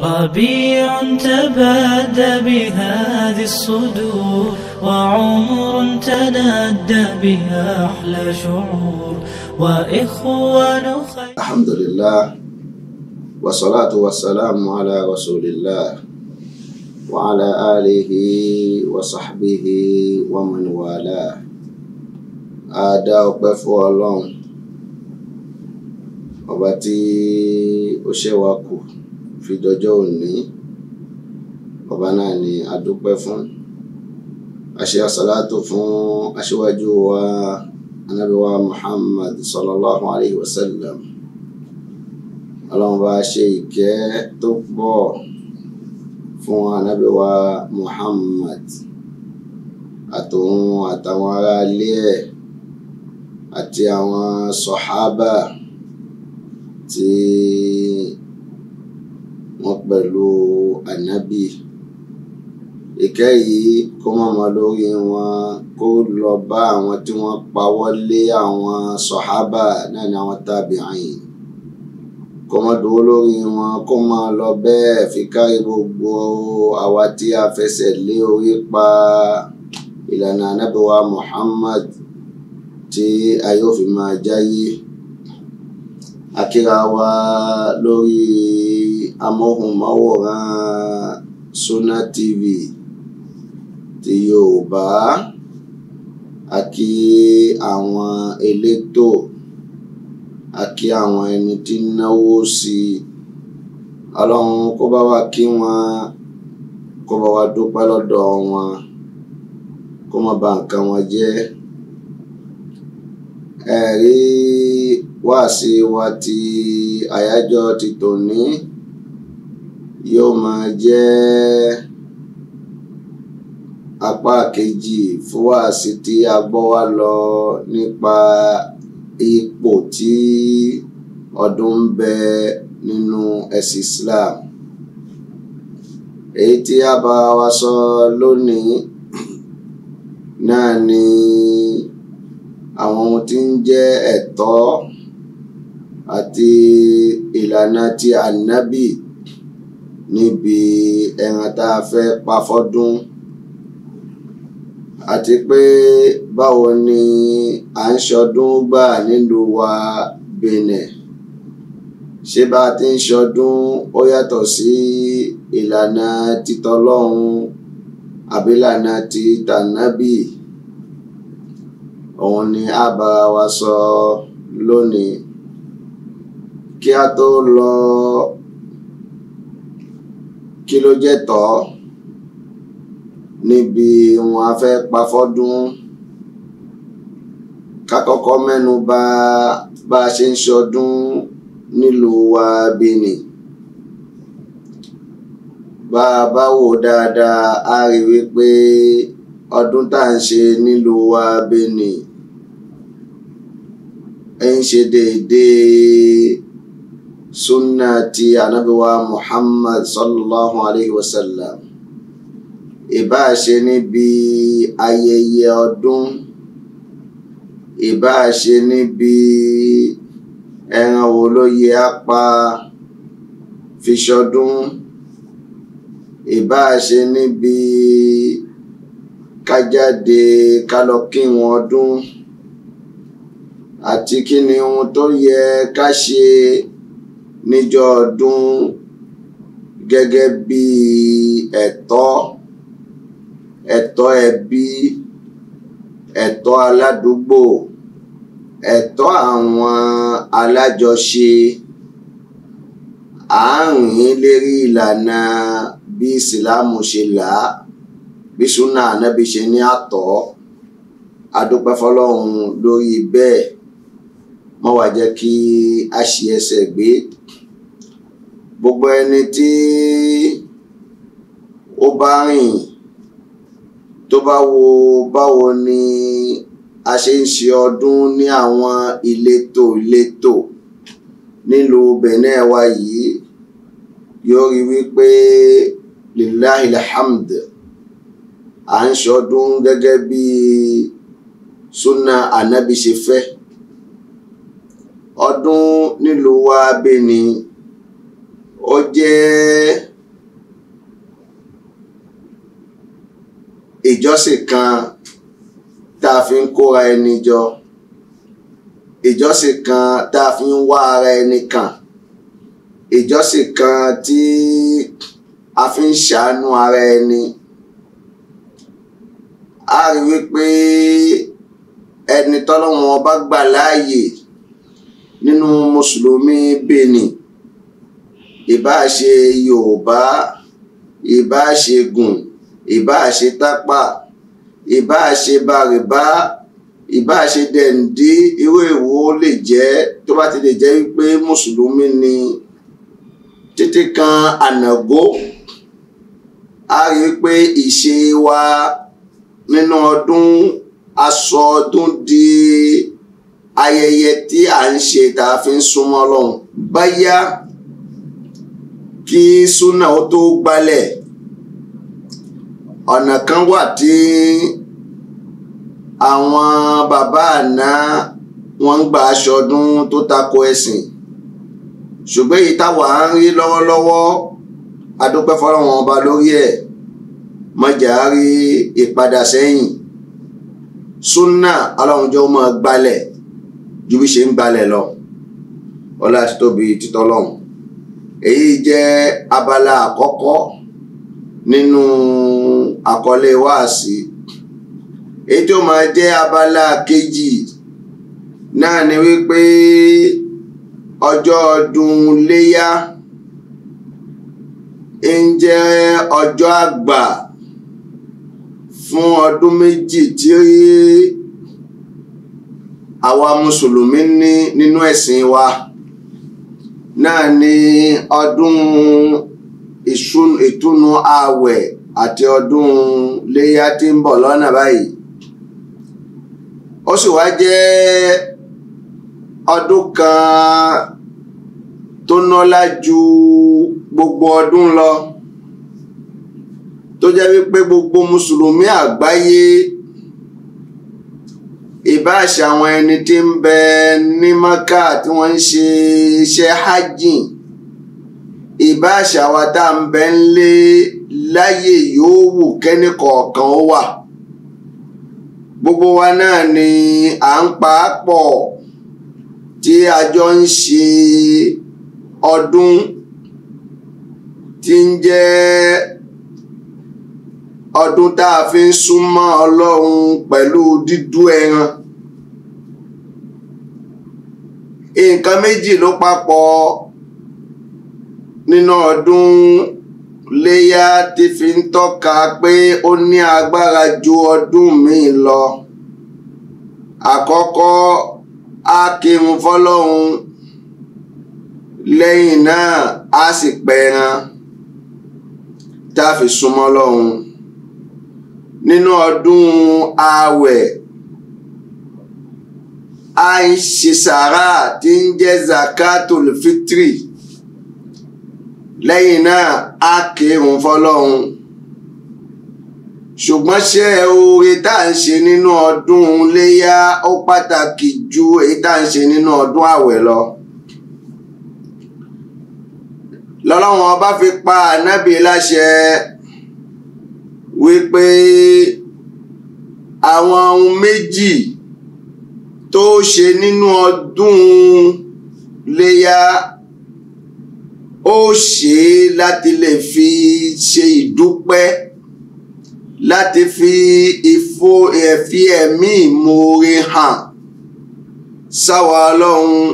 ربيع تبادى بهذه الصدور وعمر تنادى بها أحلى شعور وإخوان خير الحمد لله والصلاة والسلام على رسول الله وعلى آله وصحبه ومن والاه أدا ọpẹ́ fún Ọlọ́run ọba fi dọjọ́ òní ọba náà ni a dúpẹ́ fún àṣẹ àsàlátù fún aṣíwájú wa anábíwá Muhammad sallallahu alayhi wa sallam ọlọ́run bá ṣe ìkẹ́ tó pọ̀ fún anábíwá Muhammad àtòun àtàwọn ará ilé ẹ̀ àti àwọn sọ̀hábà tí. Ti wọn pẹ̀lú ànábì ìkẹ́ yìí kó má mọ lórí wọn kó lọ bá àwọn tí wọ́n pawọ́ lé àwọn sọ̀hábà náà ní àwọn tábìáìn kó má dúró lórí wọn kó lọ bẹ́ẹ̀ fi kárí gbogbo àwa tí a fẹsẹ̀ lé orí pa ìlànà anábẹ́wà Muhammad tí a yóò fi máa jáyé akíra wa lórí amóhùnmáwòrán Sunna TV ti Yorùbá a kí àwọn elétò a kí àwọn ẹni tí ń náwó sí i Ọlọ́run kó bá wa kí wọn kó bá wa dúpẹ́ lọ́dọ̀ wọn kó má bà nǹkan wọn jẹ́ ẹ̀rí wáàsí wa ti àyájọ́ ti tòní yóò máa jẹ́ apá kejì fún wáàsí tí a wá lọ nípa ipò tí ọdún ń bẹ nínú ẹ̀sìn Islam èyí tí a bá wa sọ lónìí náà ni àwọn ohun tí ń jẹ́ ẹ̀tọ́ àti ìlànà ti ànábì níbi ẹran tá a fẹ́ pa fọ́dún àti pé báwo ni à ń ṣọdún gbà nílùú wa Benin ṣé bá a ti ń ṣọdún ó yàtọ̀ sí ìlànà títọ́lọ́hun àbílànà ti tànábì òun ni a bára wa sọ lónìí kí a tó lọ kí ló jẹ́ tọ́ níbi wọn a fẹ́ pa fọ́dún ká kọ́kọ́ mẹ́nu bà bá a ṣe ń ṣọdún nílùú wa Benin bá a bá wò dáadáa a rí wípé ọdún tá à ń ṣe nílùú wa Benin ń ṣe déédéé sunna ti anabiwa muhammad sallallahu alayhi wa sallam ìbáà ṣe níbi ayẹyẹ ọdún ìbáà ṣe níbi ẹran wo ló yẹ á pa fi ṣe níbi kájáde kálọkíwọn ọdún àti kí ni ohun tó yẹ ká ṣe níjọ́ ọdún gẹ́gẹ́ bí ẹ̀tọ́ ẹ̀tọ́ ẹbí ẹ̀tọ́ aládùúgbò ẹ̀tọ́ àwọn alájọṣe àárín lérí ìlànà bí ìsìláàmù ṣe là á bí súnà ànábì ṣe ní àtọ́ adúpẹ́ fọlọ́run lórí bẹ́ẹ̀ mọ́ wàá jẹ́ kí a ṣe ẹsẹ̀ gbé gbogbo ẹni tí ó bá rìn tó bá wo báwo ni a ṣe ń ṣe ọdún ní àwọn ìletò ìletò nílùú Benin wa yìí yóò rí wípé lillahi alhamd à ń ṣọdún gẹ́gẹ́ bí sunna anabi ṣe fẹ́ ọdún nílùú wa Benin ó jẹ́ ìjọsìn kan tá a fi ń kóra ẹni jọ ìjọsìn kan tá a fi ń wá ara ẹni kàn ìjọsìn kan tí a fi ń ṣàánú ara ẹni a rí wípé ẹni tọ́lọ́wọ́n bá gbà láàyè nínú mùsùlùmí Benin ìbáṣe yorùbá ìbáṣe gùn ìbáṣe tápà ìbáṣe bàrìbá ìbáṣe dẹ̀ǹdí irú èwo lè jẹ́ tó bá ti lè jẹ́ wípé mùsùlùmí ni títí kan ànàgó a rí i pé ìṣe wa nínú ọdún a ọdún di ayẹyẹ tí à ń ṣe tá a fi ń súnmọ́ Ọlọ́run báyá kí súnà ó tó gbalẹ̀ ọ̀nà kan wà tí àwọn bàbá àná wọn ń gba aṣọ ọdún tó tako ẹ̀sìn ṣùgbọ́n èyí táwa ń rí lọ́wọ́lọ́wọ́ adúpẹ́ fọlọ́wọn ọba lórí ẹ̀ mọ̀jà rí ìpadà sẹ́yìn súnà aláwùjọ máa gbalẹ̀ ju bí ṣe ń gbalẹ̀ lọ ọlá títóbi títọ́lọ́hún èyí jẹ́ abala àkọ́kọ́ nínú àkọlé wáàsí èyí tó máa jẹ́ abala kejì náà ni wípé ọjọ́ ọdún léyá ń jẹ́ ọjọ́ àgbà fún ọdún méjì tí àwa mùsùlùmí ní nínú ẹ̀sìn wa náà ni ọdún ìtúnu ààwẹ̀ àti ọdún léyà tí ń bọ̀ lọ́nà báyìí ó sì wá jẹ́ ọdún kan tó nọ́lá ju gbogbo ọdún lọ tó jẹ́ wípé gbogbo mùsùlùmí àgbáyé ìbáṣe àwọn ẹni tí ń bẹ ní maka tí wọ́n ń ṣe iṣẹ́ hajj ìbáṣe àwa tá à ń bẹ ń lé láyè yóò wù kẹ́ni kọ̀ọ̀kan ó wà gbogbo wa náà ni à ń pa á pọ̀ tí a jọ ń ṣe ọdún tí ń jẹ́ ọdún tá a fi ń súnmọ́ ọlọ́run pẹ̀lú dídú ẹran nǹkan méjì ló papọ̀ nínú ọdún léyà tí fi ń tọ́ka pé ó ní agbára ju ọdún míì lọ àkọ́kọ́ á kírun fọlọ́run lẹ́yìn náà á sì pẹran tá a fi súnmọ́ ọlọ́run nínú ọdún ààwẹ̀ àìṣesàrà tí ń jẹ́ zakatul fitri lẹ́yìn náà a kírun fọlọ́run ṣùgbọ́n ṣé oore tá à ń ṣe nínú ọdún léyá ó pàtàkì ju èyí tá à ń ṣe nínú ọdún ààwẹ̀ lọ. lọ́lọ́wọ́n ọba fi pa ànábì láṣẹ wípé àwọn ohun méjì tó ṣe nínú ọdún léyà ó ṣe é láti lè fi ṣe ìdúpẹ́ láti fi ìfo ẹ̀fí ẹ̀mí ìmoore hàn sáwa ọlọ́run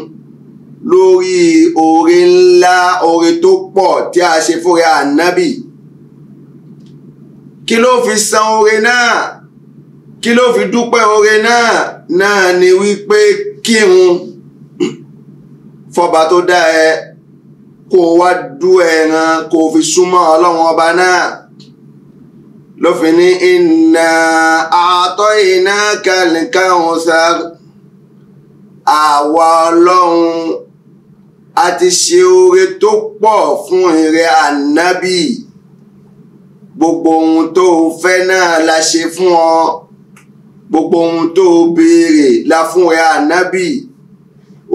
lórí oore ńlá oore tó pọ̀ tí a ṣe fúnra ànábì kí ló fi san oore náà kí ló fi dúpẹ́ oore náà náà ni wípé kírun fọba tó dá ẹ kó o wá dú ẹran kó o fi súnmọ́ ọlọ́run ọba náà ló fi ní inna a'tainaka al-kawthar àwa ọlọ́run a ti ṣe oore tó pọ̀ fún ìrẹ ànábì gbogbo ohun tó o fẹ́ náà la ṣe fún ọ gbogbo ohun tó o béèrè la fún ẹ ànábì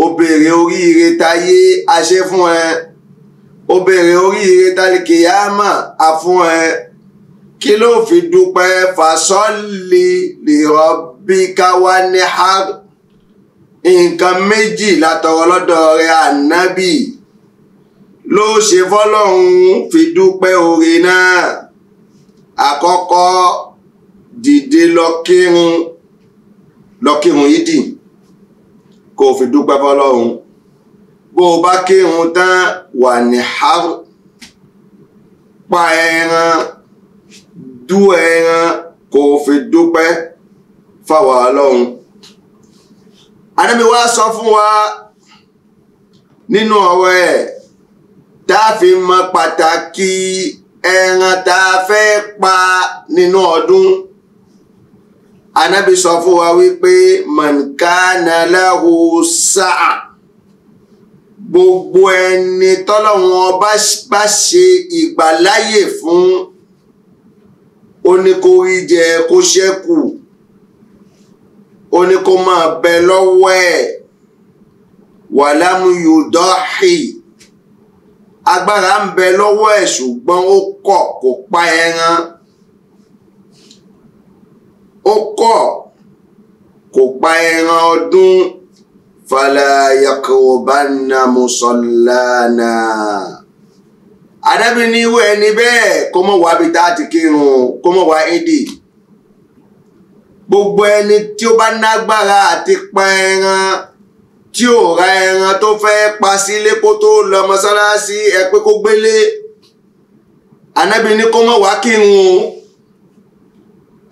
o béèrè oríire táyé a ṣe fún ẹ o béèrè oríire tálíkìyámà a fún ẹ kí ló fi dúpẹ́ fasọ́ọ̀lì lìrọ́bíkà wá ní hàrù nǹkan méjì látọrọ lọ́dọ̀ rẹ ànábì ló ṣe fọ́lọ́run fi dúpẹ́ oore náà àkọ́kọ́ dìde lọ kírun lọ kírun yídì kó o fi dúpẹ́ fọlọ́run bó o bá kírun tán wà ní har pa ẹran dú ẹran kó fi dúpẹ́ fáwọn ọlọ́run. Ànábì sọ fún wa nínú ọ̀rọ̀ ẹ̀ tá a fi mọ pàtàkì ẹran tá a fẹ́ pa nínú ọdún anábì sọ fún wa wípé mọ̀nkánà lahu sáà gbogbo ẹni tọ́lọ́wọ́n bá ṣe ìgbàláyè fún oníkóríjẹ kó ṣẹ́kù oníkó máa bẹ lọ́wọ́ ẹ̀ wàlámù yudọ́hì agbára ń bẹ lọ́wọ́ ẹ̀ ṣùgbọ́n ó kọ̀ kó pa ẹran ó kọ̀ kó pa ẹran ọdún fala yakubanna musallana adábìnrin ní ìwé ẹni bẹ́ẹ̀ kó mọ̀ wá bíi táàtì kírun kó mọ̀ wá édì gbogbo ẹni tí ó bá nágbára àti pa ẹran tí ò ra ẹran tó fẹ́ pa sílé kó tó lọ mọ́sálásí ẹ pé kó gbélé ànábì ní kó mọ̀ wá kírun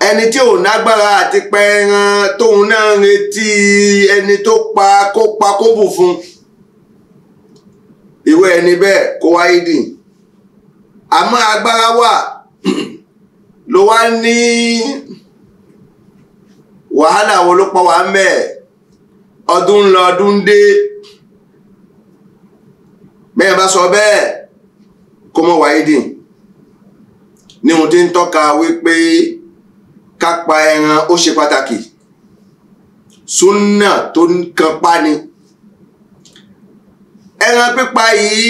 ẹni tí ò nágbára àti pa ẹran tóun náà retí ẹni tó pa kó pa kó bù fún ìwé ẹni bẹ́ẹ̀ kó wáyé dì àmọ́ agbára wà ló wá ní wàhálà wo ló pa wá ń bẹ́ẹ̀ ọdún ń lọ ọdún ń dé bẹ́ẹ̀ bá sọ bẹ́ẹ̀ kó mọ̀ wáyé dì ní ohun tí ń tọ́ka wípé ká pa ẹran ó ṣe pàtàkì súnà tó ń kan pa ni ẹran pípa yìí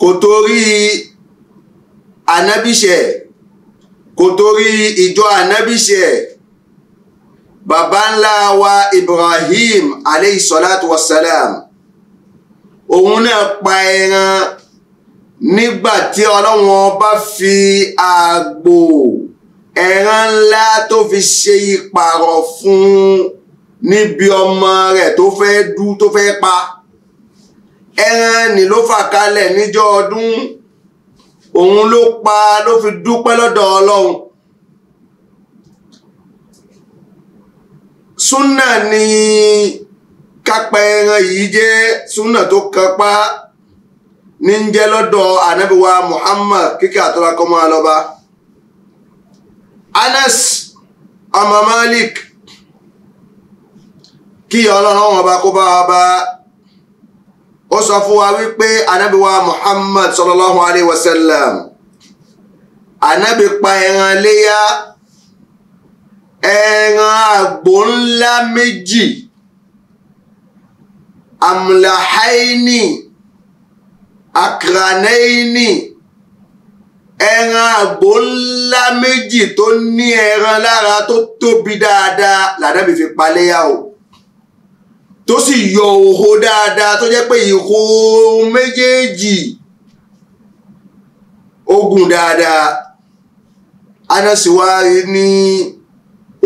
kò torí ànábìṣẹ kò torí ìjọ ànábìṣẹ baba ńlá wa Ibrahim aleyhi salatu wa salam òun náà pa ẹran nígbà tí ọlọ́run ọba fi àgbò ẹran ńlá tó fi ṣe ìpààrọ̀ fún níbi ọmọ rẹ̀ tó fẹ́ dú tó fẹ́ pa ẹran ni ló fà kalẹ̀ níjọ́ ọdún òun ló pa ló fi dúpẹ́ lọ́dọ̀ ọlọ́run súnà ni kápẹ́ ẹran yìí jẹ́ súnà tó kápá ní ń jẹ́ lọ́dọ̀ ànábìwá Muhammad kíkẹ́ àtọ́lá kọ́ máa lọ́ba Anas ọmọ Malik kí ọlọ́run ọba kó bá wa bá ó sọ fún wa wípé anábìwá Muhammad sallallahu alayhi wa sallam anábì pa ẹran léyà ẹran àgbò ńlá méjì amlahaini akranaini ẹran àgbò ńlá méjì tó ní ẹran lára tó tóbi dáadáa làdábì fi paléyà o tó sì yọ òho dáadáa tó jẹ́ pé ìho méjèèjì ogun dáadáa anasiwa ní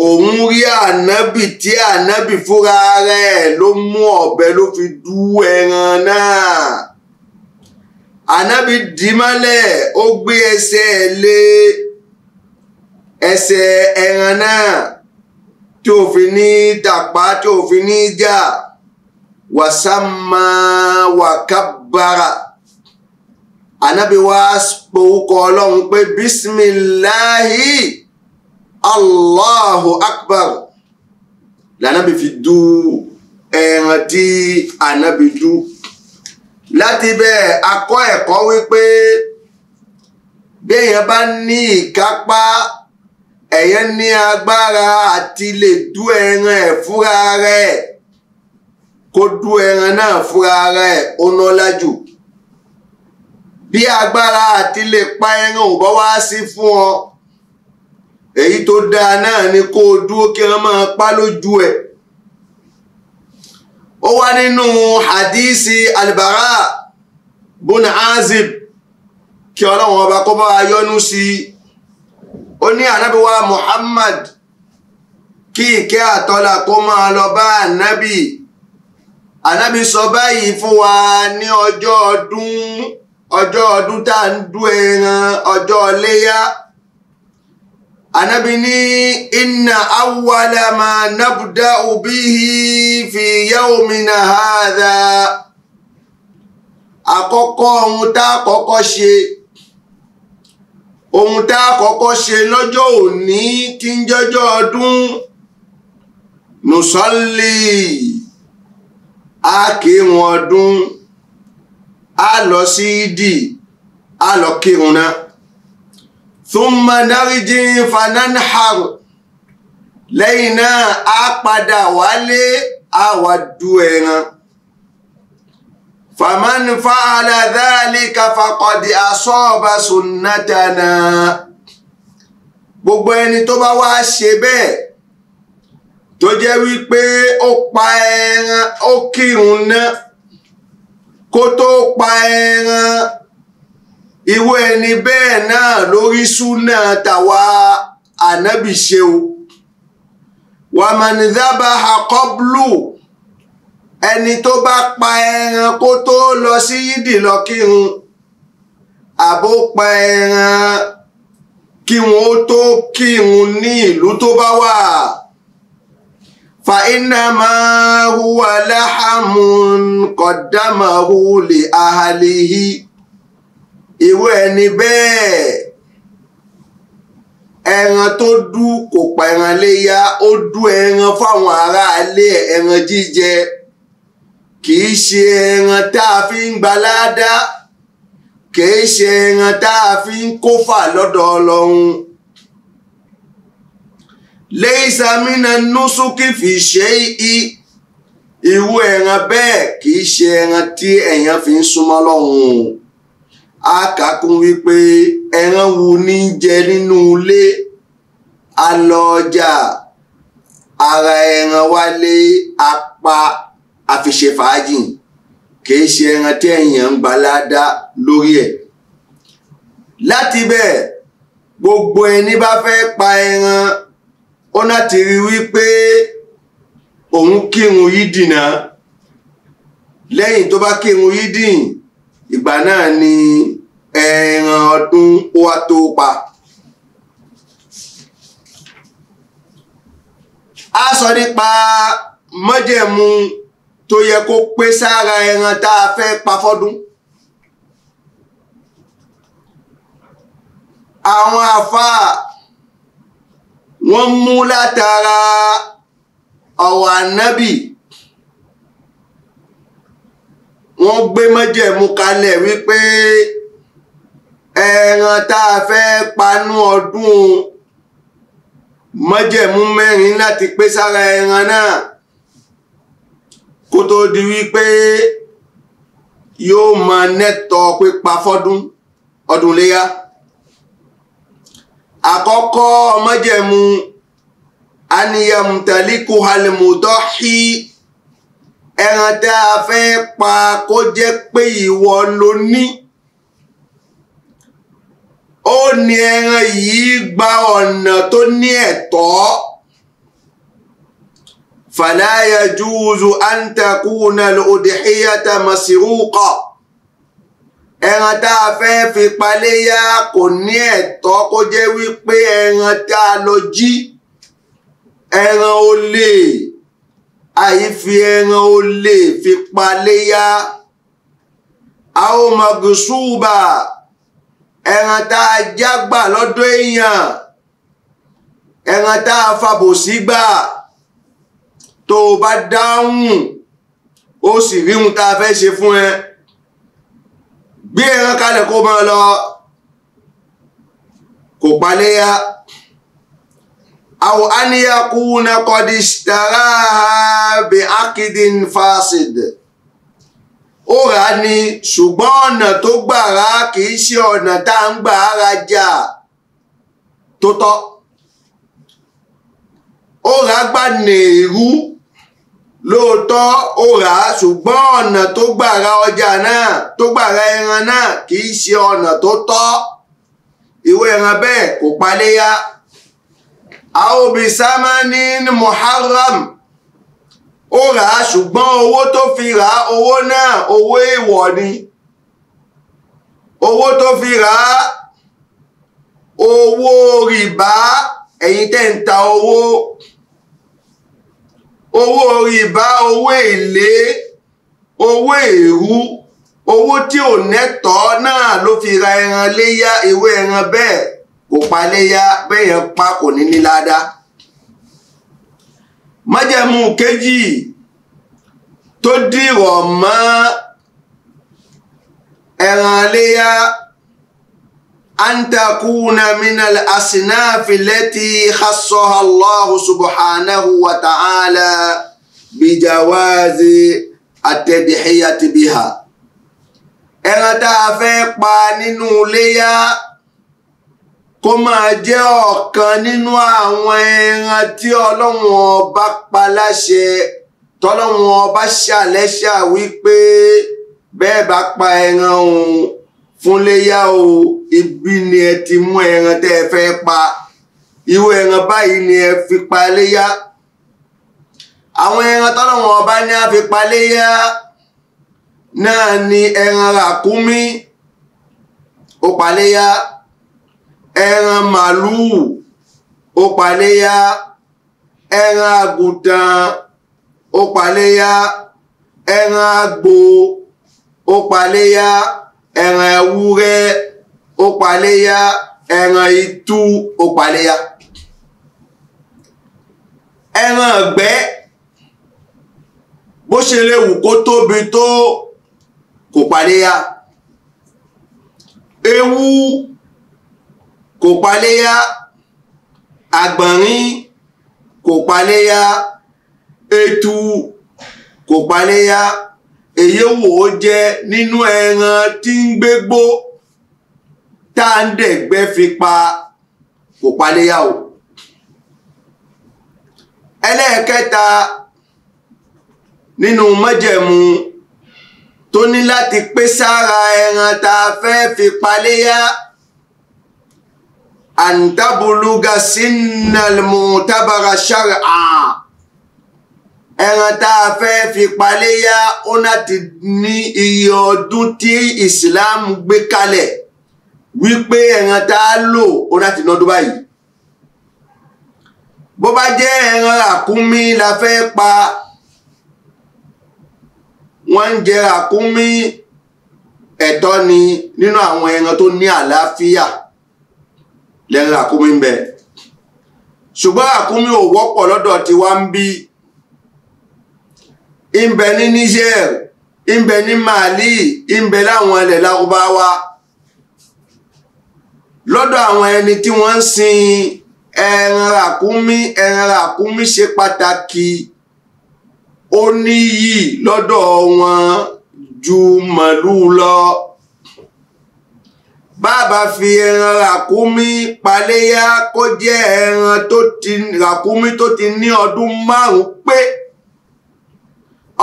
òun rí ànábì tí ànábì fúnra rẹ̀ ló mú ọ̀bẹ ló fi dú ẹran náà ànábì dìímọ́lẹ̀ ó gbé ẹsẹ̀ lé ẹsẹ̀ ẹran náà tí ò fi ní tàpá tí ò fi ní jà wàsámà wàkábàrà ànábì wá orúkọ ọlọ́run pé bísímìláhìí allahu akbar lànàbì fi du ẹran tí ànàbì du láti bẹ́ẹ̀ akọ́ ẹ̀kọ́ wípé béèyàn bá ní ìkápá ẹ̀yàn ní agbára àti lè du ẹran ẹ̀ fúnra rẹ̀ kó du ẹran náà fúnra rẹ̀ ó ná lájú bí agbára àti lè pa ẹran ò bá wá sí fún ọ èyí tó dáa náà ni kó o dúró kí wọ́n máa pa lójú ẹ̀ ó wá nínú hadisi albara bun azib kí ọlọ́run ọba kó bá yọ́nú sí i ó ní ànábìwá muhammad kí ìkẹ́ àtọ́là kó máa lọ bá ànábì ànábì sọ báyìí fún wa ní ọjọ́ ọdún ọjọ́ ọdún tá à ń dú ẹran ọjọ́ anabi ni inna awwala ma nabda'u bihi fi yawmina hadha àkọ́kọ́ ohun tá a kọ́kọ́ ṣe ohun tá a kọ́kọ́ ṣe lọ́jọ́ òní tí ń jọ́jọ́ ọdún nùsọ́lì a ọdún a lọ sí ìdí a lọ kírun náà thumma narji fananhar lẹ́yìn náà á padà wálé á wá du ẹran faman fa'ala dhalika faqad asaba sunnatana gbogbo ẹni tó bá wá ṣe bẹ́ẹ̀ tó jẹ́ wípé ó pa ẹran ó kírun náà kó tó pa ẹran ìwọ ẹni bẹ́ẹ̀ náà lórí súnà tàwa ànábì ṣe o wàmánìdábà àkọ́blù ẹni tó bá pa ẹran kó tó lọ sí yídì lọ kírun àbó pa ẹran kí wọn ó tó kírun ní ìlú tó bá wà fa máa huwa láhàmù kọ̀dámàhù lè ahàlìhí irú ẹni bẹ́ẹ̀ ẹran tó dú kò pa ẹran léyà ó dú ẹran fáwọn aráalé ẹran jíjẹ kì í ṣe ẹran tá a fi ń gbaládá kì í ṣe ẹran tá a fi ń kófà lọ́dọ̀ ọlọ́run leisa mina nusuki fi ṣe i irú ẹran bẹ́ẹ̀ kì í ṣe ẹran tí ẹ̀yàn fi ń súnmọ́ lọ́hùn-ún a kà kún wípé ẹran wo ní jẹ nínú ilé a lọ ọjà ara ẹran wálé apá àfiṣe fàájì kìí ṣe ẹran tí èèyàn ń gbalada lórí ẹ̀ láti bẹ́ẹ̀ gbogbo ẹni bá fẹ́ pa ẹran ó láti rí wípé òun kírun yìí dìnnà lẹ́yìn tó bá kírun yìí dìn ìgbà náà ni ẹran ọdún ó wá tó pa. a sọ nípa mọ́jẹ̀mú tó yẹ kó pé sára ẹran tá a fẹ́ pa fọ́dún. àwọn àfáà wọ́n mú látara ọ̀rọ̀ ànábì wọ́n gbé mọ́jẹ̀mú kalẹ̀ wípé ẹran tá a fẹ́ panú ọdún májẹ̀mú mẹ́rin láti pé sára ẹran náà kó tó di wípé yóò mọ nẹ́tọ̀ pípa fọ́dún ọdún léyà àkọ́kọ́ májẹ̀mú aniyamutaliku halimudọ́hí ẹran tá a fẹ́ pa kó jẹ́ pé ìwọ ló ní ó ní ẹran yìí gba ọ̀nà tó ní ẹ̀tọ́ fala yajuzu an takuna al-udhiyata masruqa ẹran tá a fẹ́ fi paléyà kò ní ẹ̀tọ́ kó jẹ́ wípé ẹran tá a lọ jí ẹran olè àyífi ẹran olè fi paléyà aw magsuba ẹran tá a já gbà lọ́dọ̀ èèyàn ẹran tá a fàbòsí gbà tó o bá dáhùn ó sì rí ohun tá a fẹ́ ṣe fún ẹ gbé ẹran kalẹ̀ kó máa lọ kò paléyà àwọn àníyàkú náà kọ́ ṣàrà bí akidin fasid ó rà á ni ṣùgbọ́n ọ̀nà tó gbà rà á kì í ṣe ọ̀nà tá à ń gbà á rajà tó tọ́ ó rà á gbà nèrú lóòótọ́ ó rà á ṣùgbọ́n ọ̀nà tó gbà ọjà náà tó gbà ẹran náà kì í ṣe ọ̀nà tó tọ́ ìwé ẹran bẹ́ẹ̀ kò paléyà. àwọn obìnrin sáà ní muharram ó rà á ṣùgbọ́n owó tó fi rà á owó náà owó èèwọ̀ ni owó tó fi rà á owó rìbá ẹ̀yin tẹ́ ń ta owó owó rìbá owó èlé owó èrú owó tí ò nẹ́tọ́ náà ló fi ra ẹran léyà ewé ẹran bẹ́ẹ̀ kò pa léyà bẹ́ẹ̀ yẹn pa kò ní ní ládàá májẹ̀mú kejì tó dìrọ̀ mọ́ ẹran aléyá antakuna minal asinafi lẹ́tí hasoha allahu subhanahu wa ta'ala bijawazi atẹ̀dìhíyàtì biha ẹran tá a fẹ́ pa nínú léyá kó máa jẹ́ ọ̀kan nínú àwọn ẹran tí ọlọ́run ọba pa láṣẹ tọ́lọ́run ọba ṣàlẹ́ṣà wípé bẹ́ẹ̀ bá pa ẹran òun fúnléyà o ibi ni ẹ ti mú ẹran tẹ́ ẹ fẹ́ pa irú ẹran báyìí ni ẹ fi pa léyà àwọn ẹran tọ́lọ́run ọba ní a fi pa léyà náà ni ẹran ràkúnmí ó pa léyà ẹran màlúù ó paléyá ẹran àgùntàn ó paléyá ẹran àgbò ó paléyá ẹran ewúrẹ́ ó paléyá ẹran itú ó paléyá ẹran ọ̀gbẹ́ bó ṣe lè wù kó tóbi tó kò paléyá ewu kò paléyá àgbọ̀nrín kò paléyá etu kò paléyá èyíwò ó jẹ nínú ẹran tí ń gbégbó tá à ń dẹ̀gbẹ́ fi pa kò paléyá o. ẹlẹ́ẹ̀kẹta nínú májẹ̀mú tó ní láti pé sára ẹran tá a fẹ́ fi paléyá antabuluga sinnal mutabara shar'a ẹran tá a fẹ́ fi paléyà ó láti ní iye ọdún tí Islam gbé kalẹ̀ wípé ẹran tá a lò ó láti nọdún báyìí bó bá jẹ́ ẹran àkúnmí la fẹ́ pa wọ́n ń jẹ àkúnmí ẹ̀tọ́ ni nínú àwọn ẹran tó ní àlàáfíà then ràkúnmí ń bẹ ṣùgbọ́n ràkúnmí ò wọ́pọ̀ lọ́dọ̀ tí wá ń bí ń bẹ ní Niger ń bẹ ní Mali ń bẹ láwọn ilẹ̀ lárúbáwá lọ́dọ̀ àwọn ẹni tí wọ́n ń sin ẹran ràkúnmí ẹran ràkúnmí ṣe pàtàkì ó níyì lọ́dọ̀ wọn ju màlúù lọ bàbá fi ẹran ràkúnmí paléyà kó jẹ́ ẹran tó ti ràkúnmí tó ti ní ọdún márùn-ún pé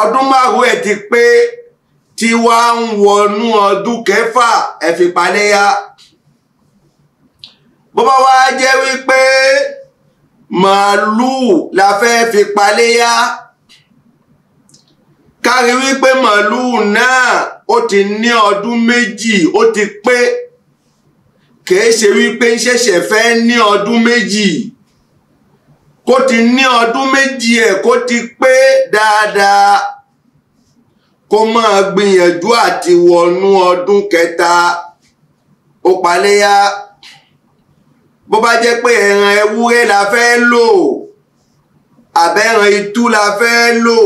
ọdún márùn-ún ẹ̀ ti pé tí wá ń wọnú ọdún kẹfà ẹ̀ fi paléyà bó bá wá jẹ́ wípé màálùú la fẹ́ fi paléyà kárí wípé màálùú náà ó ti ní ọdún méjì ó ti pé kìí ṣe wípé ń ṣẹ̀ṣẹ̀ fẹ́ ní ọdún méjì kó ti ní ọdún méjì ẹ̀ kó ti pé dáadáa kó máa gbìyànjú àti wọnú ọdún kẹta ó paléyá bó bá jẹ́ pé ẹran ewúrẹ́ la fẹ́ lò àbẹ́ran itú la fẹ́ lò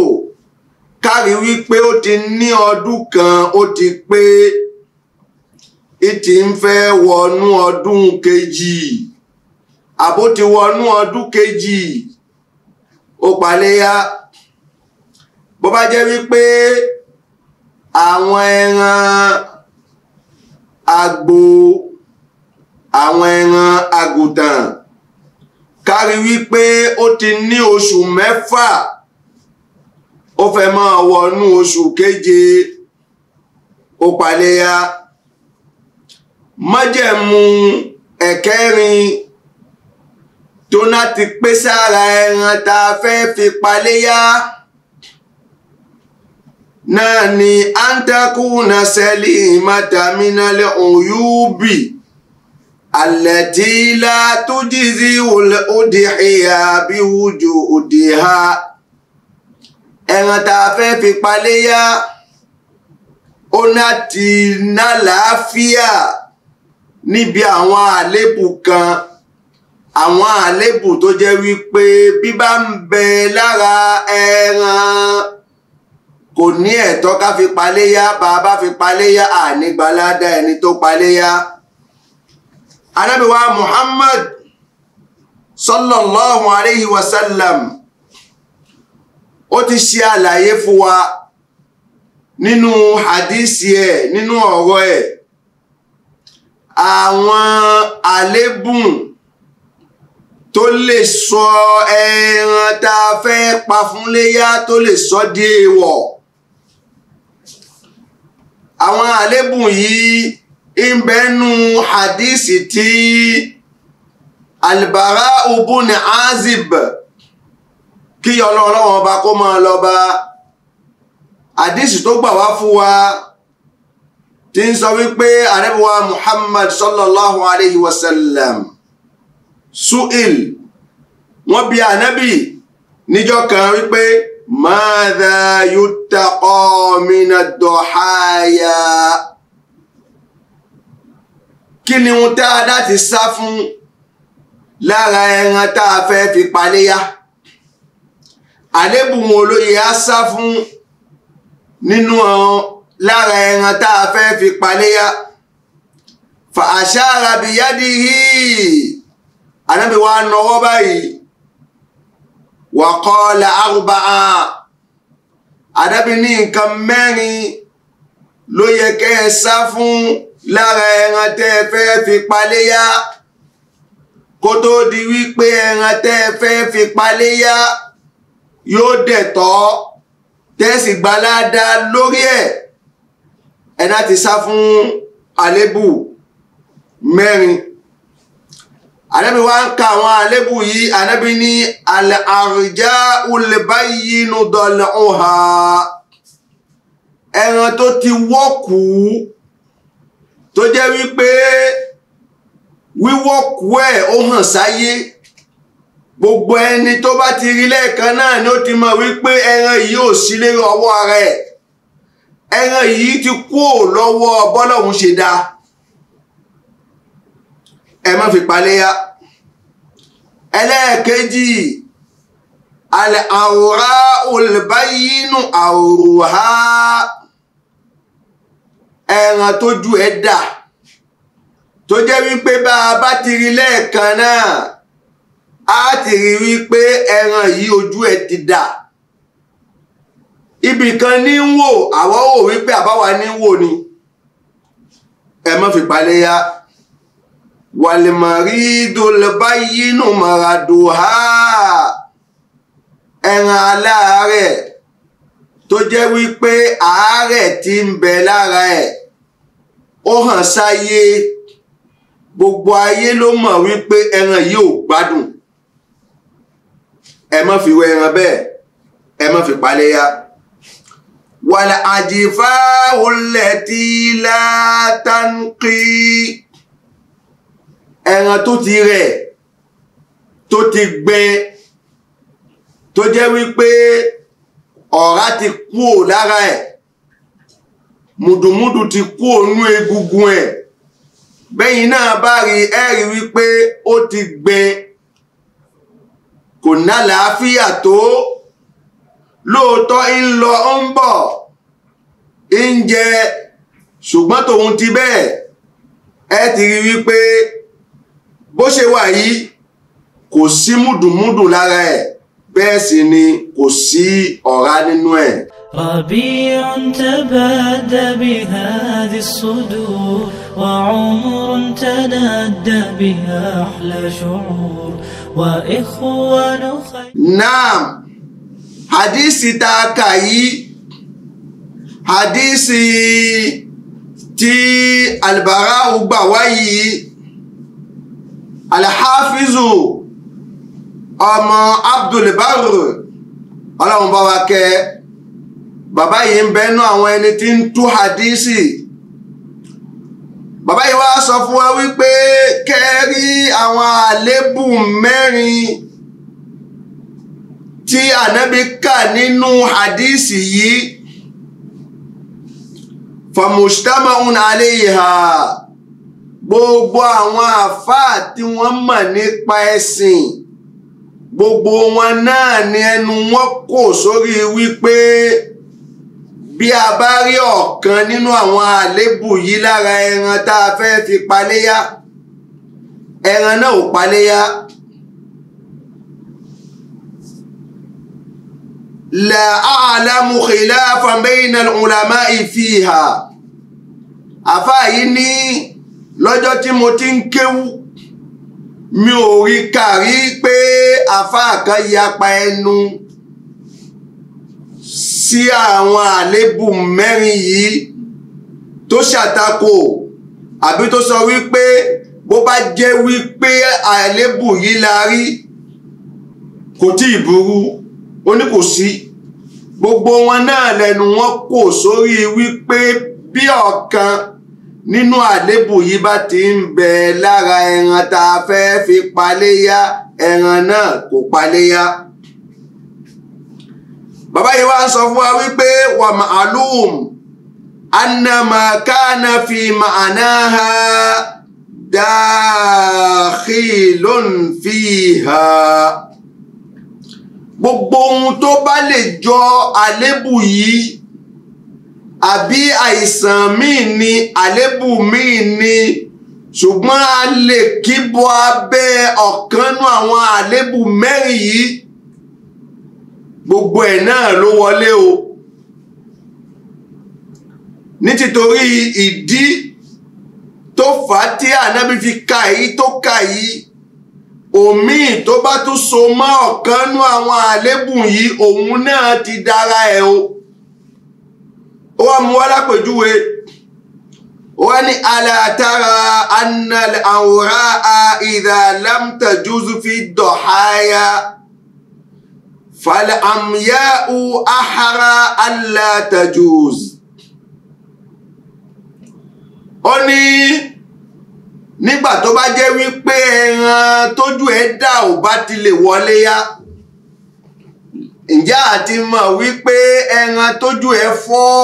kárí wípé ó ti ní ọdún kan ó ti pé. Pe ìtì ń fẹ́ wọnú ọdún kejì àbó ti wọnú ọdún kejì ó paléyà bó bá jẹ́ wípé àwọn ẹran agbo àwọn ẹran àgùntàn kárí wípé ó ti ní oṣù mẹ́fà ó fẹ́ máa wọnú oṣù keje ó paléyà májẹ̀mú ẹ̀kẹrin tó náà ti pé sára ẹran tá a fẹ́ fi paléyá náà ni antakuna sẹ́lì mátàmínálẹ̀ òyúbì àlẹ́tí látújìzí òdì ìhà bí wùjú òdì ha ẹran tá a fẹ́ fi paléyá ó náà ti ná làáfíà níbi àwọn àléébù kan àwọn àléébù tó jẹ́ wípé bíbá ń bẹ lára ẹran kò ní ẹ̀tọ́ ká fi paléyá bá a bá fi paléyá ànígbàládá ẹni tó paléyá. anábìwá Muhammad sallallahu alayhi wa sallam ó ti ṣe àlàyé fún wa nínú hadisi ẹ̀ nínú ọ̀rọ̀ ẹ̀ àwọn àlébùn tó lè sọ ẹran tá a fẹ́ pa fún léyà tó lè sọ di èèwọ̀ àwọn àlébùn yìí ń bẹ́nu hadisi tí Al-Bara ibn Azib kí ọlọ́run ọba kó máa lọ bá hadisi tó gbà wá fún wa. Fuwa, tí ń sọ wípé àrẹ́bùwá Muhammad sallallahu alayhi wa sallam su'il wọ́n bi ànábì níjọ́ kan wípé mādhā yuttaqā mina ad-duḥāyā kí ni ohun tá a dá sá fún lára ẹran tá a fẹ́ fi paléyà àlébùn olóye á sá fún nínú ọ̀hún lára ẹran tá a fẹ́ fi paléyà fa àṣàrà bìyádì híì ànábì wa nọwọ́ báyìí wà qala arba'a ànábì ní nǹkan mẹ́rin ló yẹ kẹ́ ẹ sá fún lára ẹran tẹ́ ẹ fẹ́ fi paléyà kó tó di wípé ẹran tẹ́ ẹ fẹ́ fi paléyà yóò dẹ̀ tọ́ tẹ́sì gbaládá lórí ẹ̀ ẹ̀dá ti sá fún àlébù mẹ́rin anabi wa ń ka àwọn àlébù yìí anabi ní alẹ́ àrùjá olèbá yìí nu dọ̀lẹ́ ọ̀hà ẹran tó ti wọ́kù tó jẹ́ wípé wíwọ́kù ẹ̀ ó hàn sáyé gbogbo ẹni tó bá ti rí lẹ́ẹ̀kan náà ni ó ti mọ̀ wípé ẹran yìí ò sí lé ọwọ́ ara ẹ̀ ẹran yìí ti kú ò lọ́wọ́ bọ́lọ́hún ṣe dáa ẹ má fi paléyà ẹlẹ́ẹ̀kejì alẹ́ àwòrá olùbáyínú àwòrán ẹran tójú ẹ̀ dà tó jẹ́ wípé bá a bá ti rí lẹ́ẹ̀kan náà a ti rí wípé ẹran yìí ojú ẹ̀ ti dà ibì kan ní ń wò àwọn ò wípé àbáwa ní ń wò ni ẹ má fi palẹ̀ ya wàlìmọ̀rídòlẹ́báyínú màràdùhà ẹran aláàárẹ̀ tó jẹ́ wípé àárẹ̀ ti ń bẹ lára ẹ̀ ó hàn sáyé gbogbo ayé ló mọ̀ wípé ẹran yìí ò gbádùn ẹ má fi wẹ ẹran bẹ́ẹ̀ ẹ má fi palẹ̀ ya wàlẹ̀ àjẹfà olẹ́tì látàǹkì ẹran tó ti rẹ̀ tó ti gbẹ tó jẹ́ wípé ọ̀rá ti kúò lára ẹ̀ mùdùmùdù ti kúò nú egungun ẹ̀ bẹ́yìn náà bá rí ẹ̀rí wípé ó ti gbẹ kò ná làáfíà tó lóòótọ́ ń lọ ń bọ̀ ń jẹ ṣùgbọ́n tòun ti bẹ́ẹ̀ ẹ ti rí wípé bó ṣe wà yìí kò sí múdùmúdù lára ẹ̀ bẹ́ẹ̀ sì ni kò sí ọ̀rá nínú ẹ̀. ربيع تبادى بهذه الصدور وعمر تنادى بها أحلى شعور وإخوان خير نعم hadisi tá a kà yìí hadisi tí alibara gbà wáyìí alhafizu ọmọ abdulbar ọlọ́run bá wa kẹ́ bàbá yìí ń bẹnu àwọn ẹni tí ń tú hadisi bàbá yìí wá sọ fún wa wípé kẹ́rí àwọn àlébù mẹ́rin tí ànábi kà nínú hadisi yìí fàmùsítàmà ń alẹ́ ìhà gbogbo àwọn àfáà tí wọ́n mọ̀ nípa ẹ̀sìn gbogbo wọn náà ni ẹnu wọn kò sórí wípé bí a bá rí ọ̀kan nínú àwọn àlébù yìí lára ẹran tá a fẹ́ fi paléyá ẹran náà ò paléyá. la alamu khilafan bayna al-ulama'i fiha àfáà yìí ní lọ́jọ́ tí mo ti ń kéwú mi ò rí kàrí pé àfáà kan yapa ẹnu sí àwọn àlébù mẹ́rin yìí tó ṣàtakò àbí tó sọ wípé bó bá jẹ́ wípé àlébù yìí la rí kò tí ì burú ó ní kò sí. Si gbogbo wọn náà lẹ́nu wọn kò sórí wípé bí ọ̀kan nínú àléébù yìí bá ti ń bẹ lára ẹran tá a fẹ́ fi paléyá ẹran náà kò paléyá. bàbá yìí wá ń sọ fún wa wípé wà màálùm anamá kánà fi màánáha dáàkìlón fìhà gbogbo ohun tó bá lè jọ àlébù yìí àbí àìsàn míì ni àlébù míì ni ṣùgbọ́n a lè kíbo abẹ́ ọ̀kanú àwọn àlébù mẹ́rin yìí gbogbo ẹ̀ náà ló wọlé o nítìtorí ìdí tó fà á tí ànábì fi ka èyí tó ka yìí òmíì tó bá tún so mọ́ ọ̀kan nú àwọn àlébùn yìí òun náà ti dára ẹ̀ o ó wá mú wá lápèjúwe wọ́n ní alátara anal àwòrán a ìdá lámtà jùzùfì dọ̀háyà فالأمياء أحرى ألا تجوز ó ní nígbà tó bá jẹ́ wípé ẹran tójú ẹ̀ dà ò bá ti lè wọlé yá ǹjẹ́ àti mọ̀ wípé ẹran tójú ẹ̀ fọ́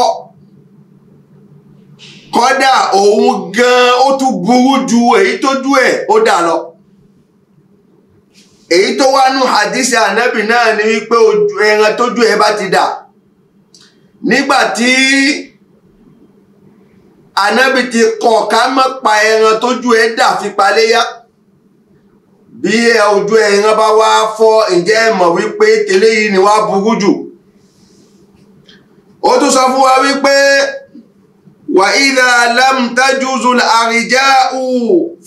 kọ́dà òun gan ó tún burú ju èyí tójú ẹ̀ ó dà lọ èyí tó wá nú hadisi ànábì náà ni wípé ẹran tójú ẹ̀ bá ti dà nígbà tí ànábì ti kọ̀ ká má pa ẹran tójú ẹ dà fi paléyà bí ojú ẹran bá wá fọ́ ǹjẹ́ ẹ mọ̀ wípé tẹ́lẹ̀ yìí ni wá burú jù ó tún sọ fún wa wípé wà ìlà alámtájúzùn àrìjá ù